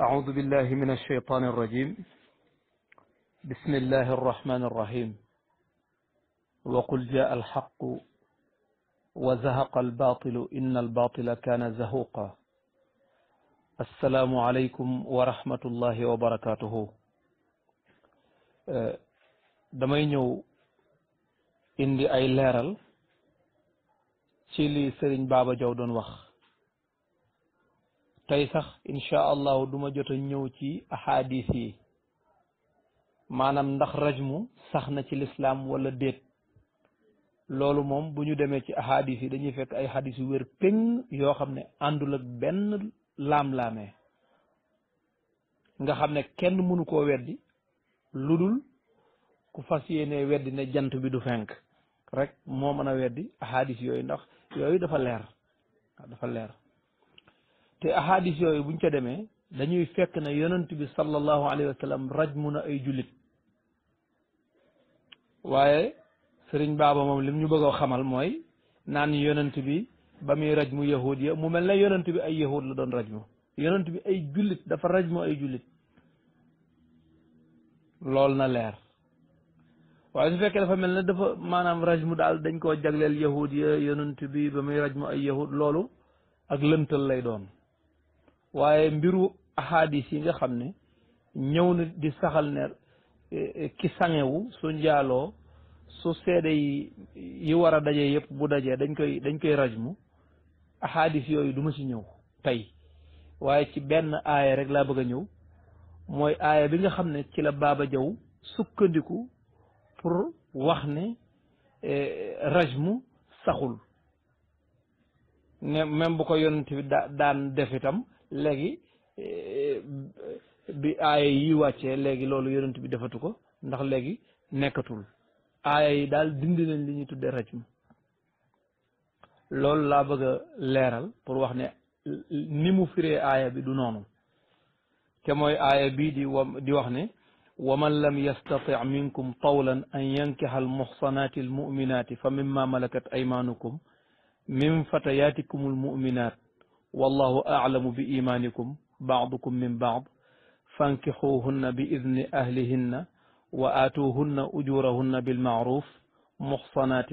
أعوذ بالله من الشيطان الرجيم بسم الله الرحمن الرحيم وقل جاء الحق وزهق الباطل إن الباطل كان زهوقا السلام عليكم ورحمة الله وبركاته أه، damay إندي أي ay leeral سرين بابا جودون وخ tey sax incha allahu duma jot a ñëw ci ahadis yi maanam ndax rajmu sax na ci lislaam walla déet loolu moom bu ñu demee ci ahadis yi dañuy fekk ay hadis yu wér péng yoo xam ne àndul ak benn laam-laamee nga xam ne kenn mënu koo weddi lu dul ku fas yéenee weddi ne jant bi du fenk rek moo mën a weddi yooyu ndax yooyu dafa leer dafa leer te ahadis yooyu buñ ca demee dañuy fekk na yonent bi sallallahu alayhi wa sallam rajmu na ay jullit waaye sëriñ baaba moom lim ñu bëgg a xamal mooy naan yonent bi ba muy rajmu yahud ya mu mel ne yonent bi ay yahud la doon rajmu yonent bi ay jullit dafa rajmu ay jullit loolu na leer waaye su fekkee dafa mel ne dafa maanaam rajmu daal dañ koo jagleel yahud ya yonent bi ba muy rajmu ay yahud loolu ak lëntal lay doon waaye mbiru ahadis yi nga xam ne ñëw na di saxal ne eh, eh, ki sangewu su njaaloo su seede yi yi war a dajee yëpp bu dajee dañ koy dañ koy rajmu ahadis yooyu du ma ci ñëw tey waaye ci benn aaya rek laa bëgg a ñëw mooy aaya bi nga xam ne ci la baaba jaw sukkandiku pour wax ne eh, rajmu saxul ne même bu ko yonent bi daan def itam léegi bi aaya yi wàccee léegi loolu yonent bi defatu ko ndax léegi nekkatul aaya daal dindi nañ li ñuy tuddee loolu laa bëgg a leeral pour wax ne ni mu firee aaya bi du noonu te mooy aaya bii di wa di wax ne wa man lam yastati minkum tawlan an yankiha al muxsanaati al muminaati fa mimma malakat aymanukum min fatayaatikum al والله أعلم بإيمانكم بعضكم من بعض فانكحوهن بإذن أهلهن وآتوهن أجورهن بالمعروف محصنات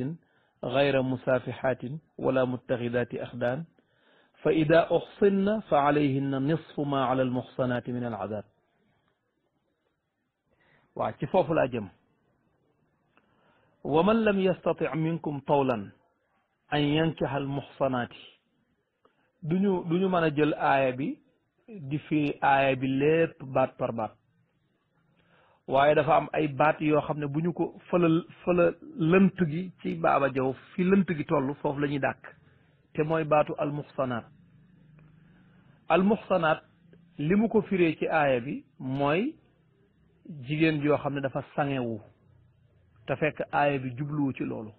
غير مسافحات ولا متخذات أخدان فإذا أحصن فعليهن نصف ما على المحصنات من العذاب وعتي الأجم ومن لم يستطع منكم طولا أن ينكح المحصنات duñu ñu mën a jël aaya bi di firi aaya bi lépp baat par baat waaye dafa am ay baat yoo xam ne bu ñu ko fëla fëla lënt gi ci baaba jaw fi lënt gi toll foofu lañuy ñuy dàkk te mooy baatu almuxsanaat almuxsanaat li mu ko firee ci aaya bi mooy jigéen yoo xam ne dafa sangewu te fekk aaya bi jubluwu ci loolu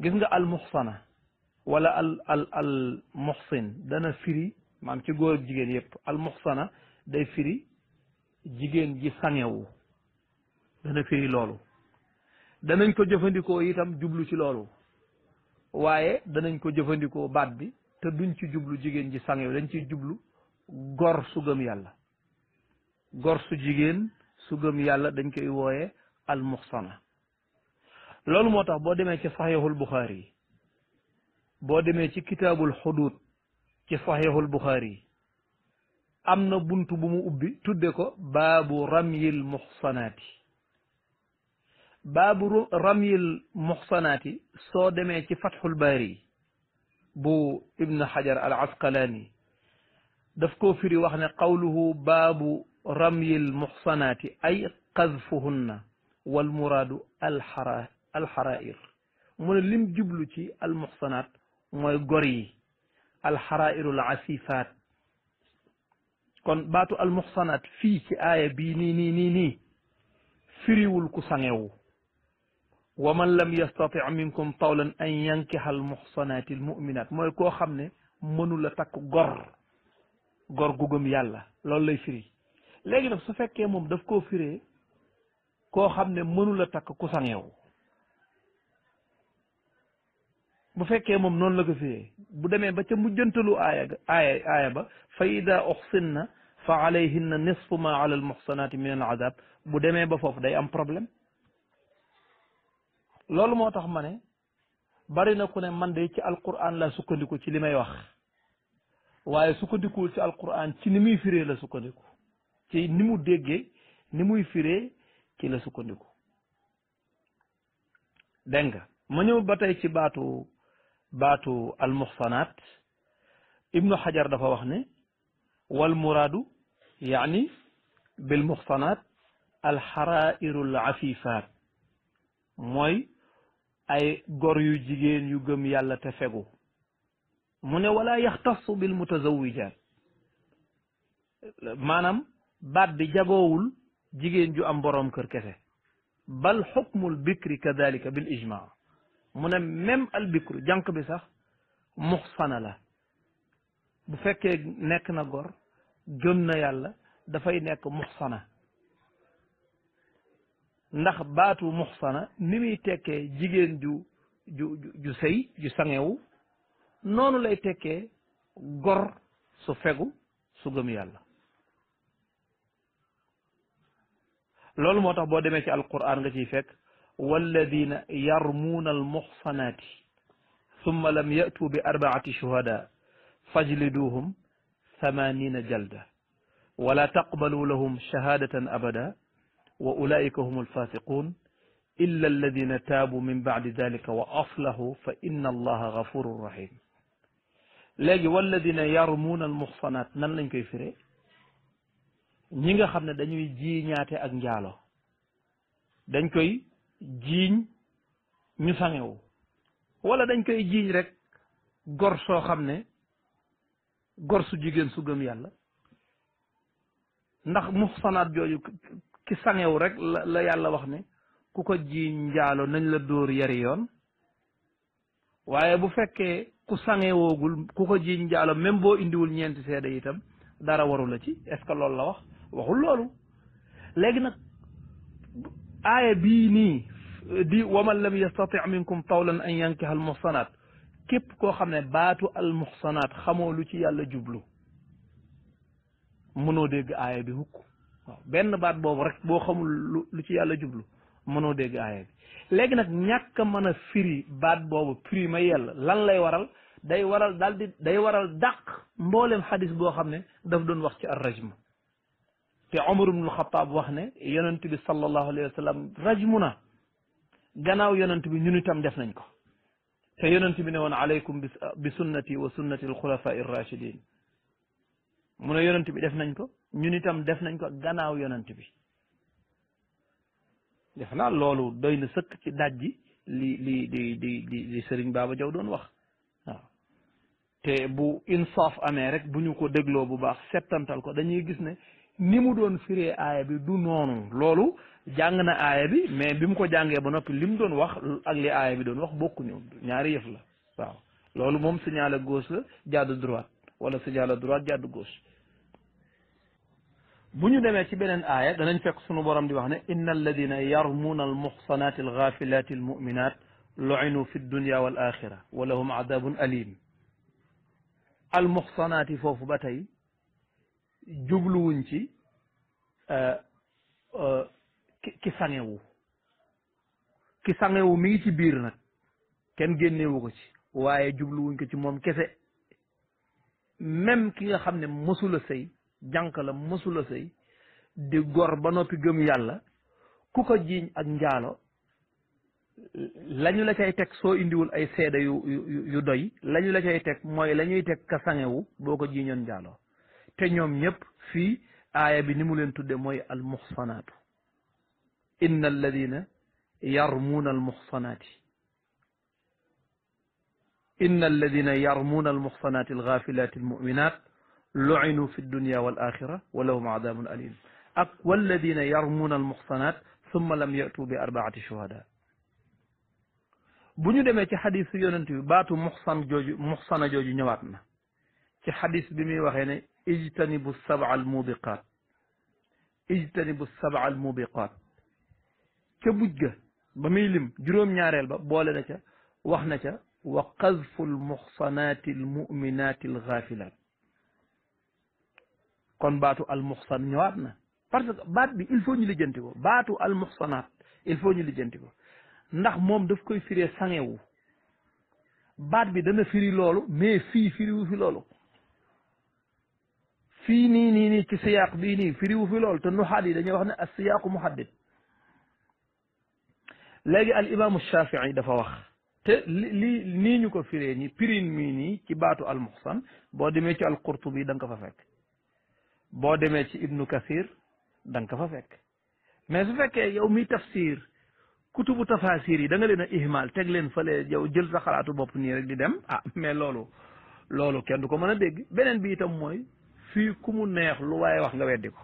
gis nga almuxsana wala al al al muxsin dana firi maam ci góor jigéen yépp al muxsana day firi jigéen ji sangewu dana firi loolu danañ ko jëfandikoo itam jublu ci loolu waaye danañ ko jëfandikoo baat bi te duñ ci jublu jigéen ji sangewu dañ ciy jublu gor su gëm yàlla gor su jigéen su gëm yàlla dañ koy wooye al muxsana loolu moo tax boo demee ci saxiixul buxaari yi بودم في كتاب الحدود كفاهيه البخاري أمنا بنتو بمو تدكو باب رمي المحصنات باب رمي المحصنات صادم في فتح الباري بو ابن حجر العسقلاني دفكو في رواحنا قوله باب رمي المحصنات أي قذفهن والمراد الحرائر من لم جبلتي المحصنات mooy gor yi alxarairul asifaat kon baatu almuxsanaat fii ci aaya bii nii nii nii nii firiwul ku sangewu wa man lam yastati minkum tawlan an yankiha almuxsanaati almuminat mooy koo xam ne mënula takk gor gor gu gëm yàlla loolu lay firi léegi nag su fekkee moom daf koo firee koo xam ne mënula takk ku sangewu bu fekkee moom noonu la ko firee bu demee ba ca mujjantalu aaya aaya aaya ba fa ida oxsinna fa na nisfu ma ala almuxsanaati min alazab bu demee ba foofu day am problème loolu moo tax ma ne bari na ku ne man de ci alquran la sukkandiku ci li may wax waaye sukkandikuwul ci alquran ci ni muy firee la sukkandiku ci ni mu déggee ni muy firee ci la sukkandiku dégg nga ma ñëw ba tey ci baatu باتو المحصنات ابن حجر دفا وخني والمراد يعني بالمحصنات الحرائر العفيفات موي اي غور يو جيجين يو گم يالا تفغو من ولا يختص بالمتزوجات مانام باد دي جاغوول جيجين جو ام بروم كير بل حكم البكر كذلك بالاجماع mu ne même albikru jànq bi sax muxsana la bu fekkee nekk na gor gëm na yàlla dafay nekk muxsana ndax baatu muxsana ni muy tekkee jigéen ju ju ju sëy ju sangewu noonu lay tekkee gor su fegu su gëm yàlla loolu moo tax boo demee ci alquran nga ciy fekk والذين يرمون المحصنات ثم لم يأتوا بأربعة شهداء فاجلدوهم ثمانين جلدة ولا تقبلوا لهم شهادة أبدا وأولئك هم الفاسقون إلا الذين تابوا من بعد ذلك وأصلحوا فإن الله غفور رحيم لجي والذين يرمون المحصنات من lañ koy firee ñi nga xam ne dañuy jiiñaate jiiñ ñu sangewu wala dañ koy jiiñ rek gor soo xam ne gor su jigéen su gëm yàlla ndax muxsanaat jooju ki sangewu rek la yàlla wax ne ku ko jiiñ njaalo nañ la dóor yari yoon waaye bu fekkee ku sangewoogul ku ko jiiñ njaalo même boo indiwul ñeenti seede itam dara waru la ci est-ce que loolu la wax waxul loolu léegi nag aaya bii nii di waman lam yastati minkum tawlan an yankiha al muhsanaat képp koo xam ne baatu al muhsanaat xamoo lu ci yàlla jublu mënoo dégg aaya bi hukk waaw benn baat boobu rek boo xamul lu ci yàlla jublu mënoo dégg aaya bi léegi nag ñàkk a mën a firi baat boobu firi ma yàlla lan lay waral day waral daal di day waral dàq mboolem xadis boo xam ne daf doon wax ci ar rajm te Omar ibnul Xataab wax ne yonent bi sallallahu alayhi wa sallam rajmu na gannaaw yonent bi ñun itam def nañ ko te yonent bi ne woon alaykum bi sunnati wa sunnati alxulafai rachidin mu ne yonent bi def nañ ko ñun itam def nañ ko gannaaw yonent bi def naa loolu doy na sëkk ci daj ji li li di di di sëriñ Baaba Jaw doon wax te bu insaaf amee rek bu ñu ko dégloo bu baax settantal ko dañuy gis ne nimu mu doon firee aaya bi du noonu loolu jàng na aaya bi mais bimu ko jangé ba nopi lim mu doon wax ak li aaya bi doon wax bokku ñu ñaari yëf la waaw loolu mom signal gauche la jàdd droite wala signal droite jàdd gauche buñu démé demee ci beneen aaya danañ fekk sunu borom di wax ne innal ladina yarmuna almuxsanaati algafilati almuminat luinu fi dunya wal axira wa lahum adabun alim almuxsanaati foofu ba tey jubluwuñ ci euh, euh, ki sangewu ki sangewu mi ngi ci biir nag kenn génnewu ko ci waaye jubluwuñ ko ci moom kese même ki nga xam ne mësula sëy jànq la mësula sëy di gor ba noppi gëm yàlla ku ko jiiñ ak njaalo lañu la cay teg soo indiwul ay seede yu yu doy lañu la cay teg mooy la ñuy teg ka sangewu boo ko jiiñoon njaalo تنيوم يب في آية بنمو لنتو دموي المحصنات إن الذين يرمون المحصنات إن الذين يرمون المحصنات الغافلات المؤمنات لعنوا في الدنيا والآخرة ولهم عذاب أليم والذين يرمون المحصنات ثم لم يأتوا بأربعة شهداء بني دمي تي حديث يونتي محصن جوجي محصن جوجي نواتنا تي حديث بيمي وخيني اجتنبوا السبع الموبقات اجتنبوا السبع الموبقات كبجة بميلم جروم نياريل بولنا چا وحنا چا وقذف المخصنات المؤمنات الغافلات كون باتوا المخصن نيواتنا فارسك بات بي الفو نيلي جنتكو المخصنات الفوني نيلي جنتكو ndax mom daf koy firé sangewu baat bi dana firi lolu mais fi firi fii nii nii nii ci siyaaq bii nii firiwu fi lool te nuxaat yi dañuy wax ne as-siyaaqu muhaddid léegi al imaamu Shafii dafa wax te li lii nii ñu ko firee nii pirin mii nii ci baatu al muxsan boo demee ci al qurtubi da ko fa fekk boo demee ci ibnu kasir da fa fekk mais su fekkee yow mi tafsir kutubu tafasir yi da nga leen a ihmal teg leen fële yow jël sa xalaatu bopp nii rek di dem ah mais loolu loolu kenn du ko mën a dégg beneen bi itam mooy fii ku mu neex lu waaye wax nga weddi ko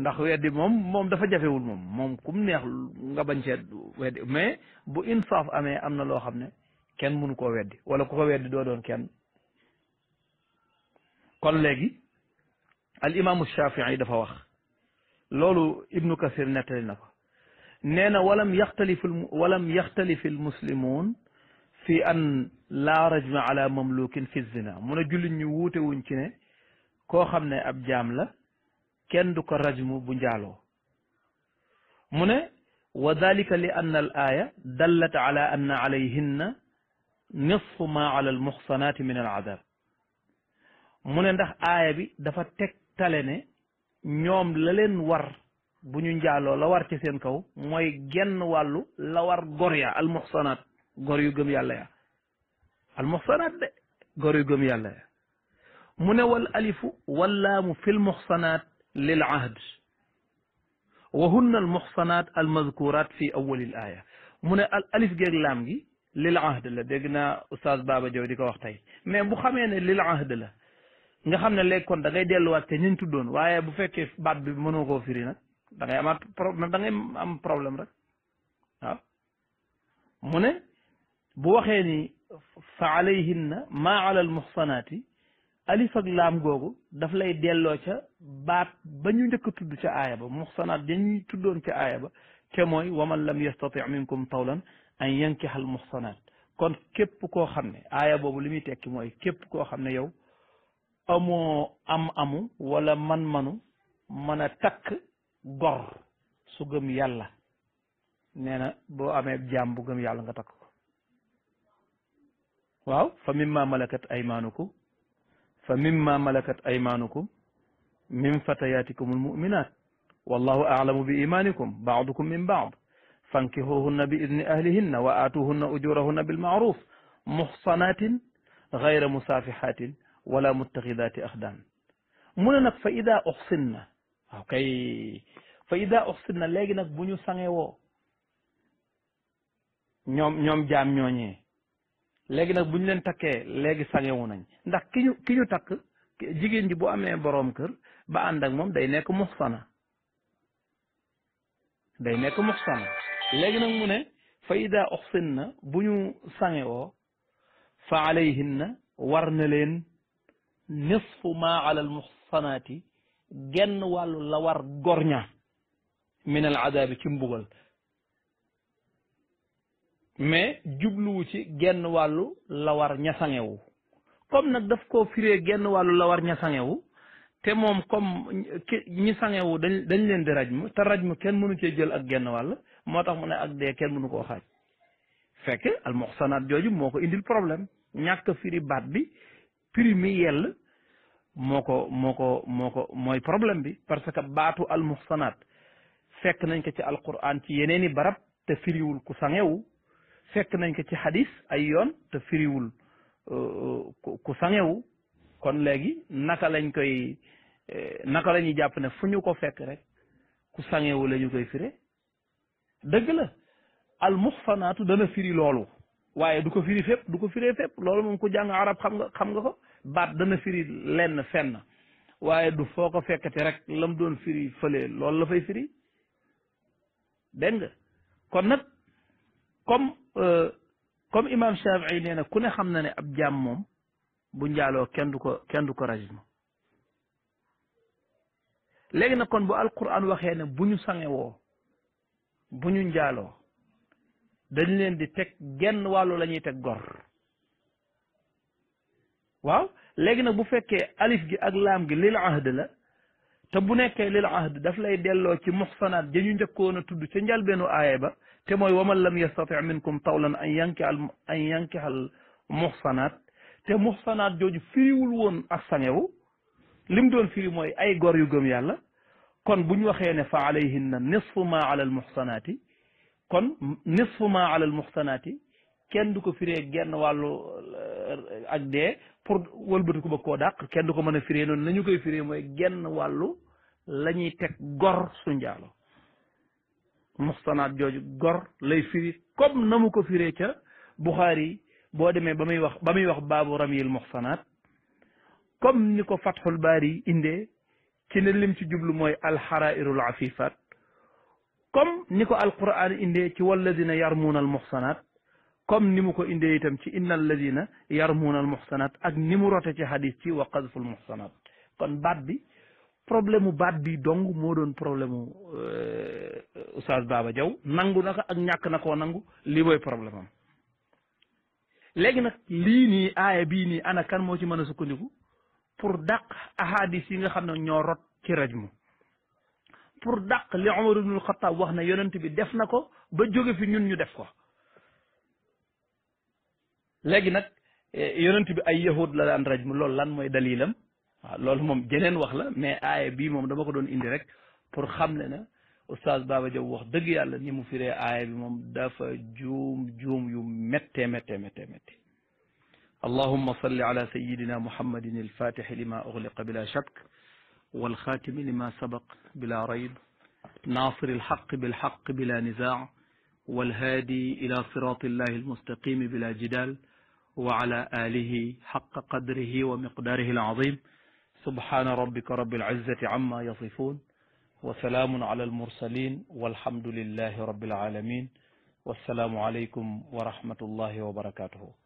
ndax weddi mom mom dafa jafé wul mom mom kum neex nga bañ ci weddi mais bu insaf amé amna lo xamné kenn mënu ko weddi wala ko ko weddi do doon kenn kon légui al imaamu shafii dafa wax lolu ibn kasir nettali na ko walam yaxtalifu walam yaxtalifi al muslimun في أن لا رجم على مملوك في الزنا من جل نيوت ونكنة كو خمنا أب جاملة كن دوك رجم بنجالو من وذلك لأن الآية دلت على أن عليهن نصف ما على المحصنات من العذاب من ندخ آية بي دفا تك نيوم للن ور بنجالو لور كسين كو موي جن والو لور غوريا المحصنات gor yu gëm yàlla ya almuxsanaat de gor yu gëm yàlla ya mu ne wal alifu wallaamu fi lmuxsanaat lil ahd wa hunna almuxsanaat almadkuraat fi awali l aaya mu ne al alif geeg laam gi lil ahd la dégg naa oustaz Baba Diaw di ko wax tey mais bu xamee ne lil ahd la nga xam ne léegi kon da ngay delluwaat te ñun tuddoon waaye bu fekkee baat bi mënoo koo firi nag da ngay amaat pro da ngay am problème rek waaw mu ne bu waxee ni fa alayhinna maa ala al muxsanaati alif ak laam googu daf lay delloo ca baat ba ñu njëkk a tudd ca aaya ba muxsanaat dañuy tuddoon ca aaya ba ca mooy waman lam yastati minkum tawlan an yankiha al muxsanaat kon képp koo xam ne aaya boobu li muy tekki mooy képp koo xam ne yow amoo am amu wala man-manu mën a takk gor su gëm yàlla nee na boo amee jaam bu gëm yàlla nga takk واو فمما ملكت ايمانكم فمما ملكت ايمانكم من فتياتكم المؤمنات والله اعلم بايمانكم بعضكم من بعض فانكحوهن باذن اهلهن واتوهن اجورهن بالمعروف محصنات غير مسافحات ولا متخذات اخدان من نك فاذا احصن اوكي فاذا احصن لغي نك بونو سانيو نيوم نيوم جام نيوني léegi nag bu ñu leen takkee léegi sangewu nañ ndax ki ñu takk jigéen ji bu amee boroom kër ba ànd ak moom day nekk muxsana day nekk muxsana léegi nag mu ne fa ida uxsinna bu ñu sangewoo fa alayhinna war na leen nisfu maa ala al genn wàllu la war gorña min al adaabi ci mbugal mais jubluwu ci genn wàllu lawar ñasangewu comme nag daf ko firee genn wàllu lawar ñasangewu te moom comme ñi sangewu dañ dañ leen di rajmu te rajmu kenn mënu cee jël ak genn wàll moo tax mu ne ak dee kenn mënu koo xaaj fekk al muxsanaat jooju moo ko indil problème ñàkk firi baat bi prix mi yell moo ko moo ko moo ko mooy problème bi parce que baatu al muxsanaat fekk nañ ko ci alquran ci yeneen yeneeni barab te firiwul ku sangewu fekk nañ ko ci xadis ay yoon te firiwul euh, ku sangewu kon léegi naka lañ koy euh, naka lañuy jàpp ne fu ñu ko fekk rek ku sangewu la ñu koy fire dëgg la al muxsanaatu dana firi loolu waaye du ko firi fépp du ko firee fépp loolu moom ku jàng arab xam nga xam nga ko baat dana firi lenn fenn waaye du foo ko fekkati rek lam doon firi fële loolu la fay firi dégg kon nag comme euh, comme imam Shafii nee na ku ne xam na ne ab jaam moom bu njaaloo kenn du ko kenn du ko rajma léegi nag kon bu alquran waxee ne bu ñu sangewoo bu ñu njaaloo dañ leen di teg genn wàllu lañuy ñuy teg gor waaw léegi nag bu fekkee alif gi ak laam gi lil ahd la te bu nekkee lil ahd daf lay delloo ci muxsanaat ja ñu njëkkoon a tudd ca njalbeenu aaya ba te mooy waman lam yastati minkum tawlan an yankihal an yankihal muxsanaat te muxsanaat jooju firiwul woon ak sangewu lim doon firi mooy ay gor yu gëm yàlla kon bu ñu waxee ne na alayhinna nisfu ma ala al muxsanaati kon nisfu ma ala al muxsanaati kenn du ko firee genn wàllu euh, ak dee pour wëlbatu ko ba koo dàq du ko mën a firee noonu la ñu koy firee mooy genn wàllu la ñuy teg gor su njaalo mustanaat jooju gor lay firi comme na mu ko firee ca Buxaari boo demee ba muy wax ba muy wax baabu ramyil muxsanaat comme ni ko fatxul baari indee ci ne lim ci jublu mooy alxarairul afifat comme ni ko alquran indee ci walladina yarmuuna al muxsanaat comme ni mu ko indee itam ci inna alladina yarmuuna al muxsanaat ak ni mu rote ci xadis ci wa qadful muxsanaat kon baat bi problème mu baat bi dong moo doon problème mu euh, Oustaz Baba Diaw nangu na ko ak ñàkk na ko nangu lii mooy problème léegi nag lii nii aaya bii nii ana kan moo ci mën a sukkandiku pour dàq ahadis yi nga xam ne ñoo rot ci rajmu pour dàq li Omar ibnul Xataab wax na yonent bi def na ko ba jóge fi ñun ñu def ko léegi nag eh, yonent bi ay yahud la daan rajmu loolu lan mooy dalilam lolou mom geneen wax la mais aya bi mom dama ko don indi rek pour xamne na oustaz baba jow wax deug yalla ni mu firé aya bi mom dafa joom joom yu اللهم صل على سيدنا محمد الفاتح لما اغلق بلا شك والخاتم لما سبق بلا ريب ناصر الحق بالحق بلا نزاع والهادي الى صراط الله المستقيم بلا جدال وعلى اله حق قدره ومقداره العظيم سبحان ربك رب العزة عما يصفون وسلام على المرسلين والحمد لله رب العالمين والسلام عليكم ورحمة الله وبركاته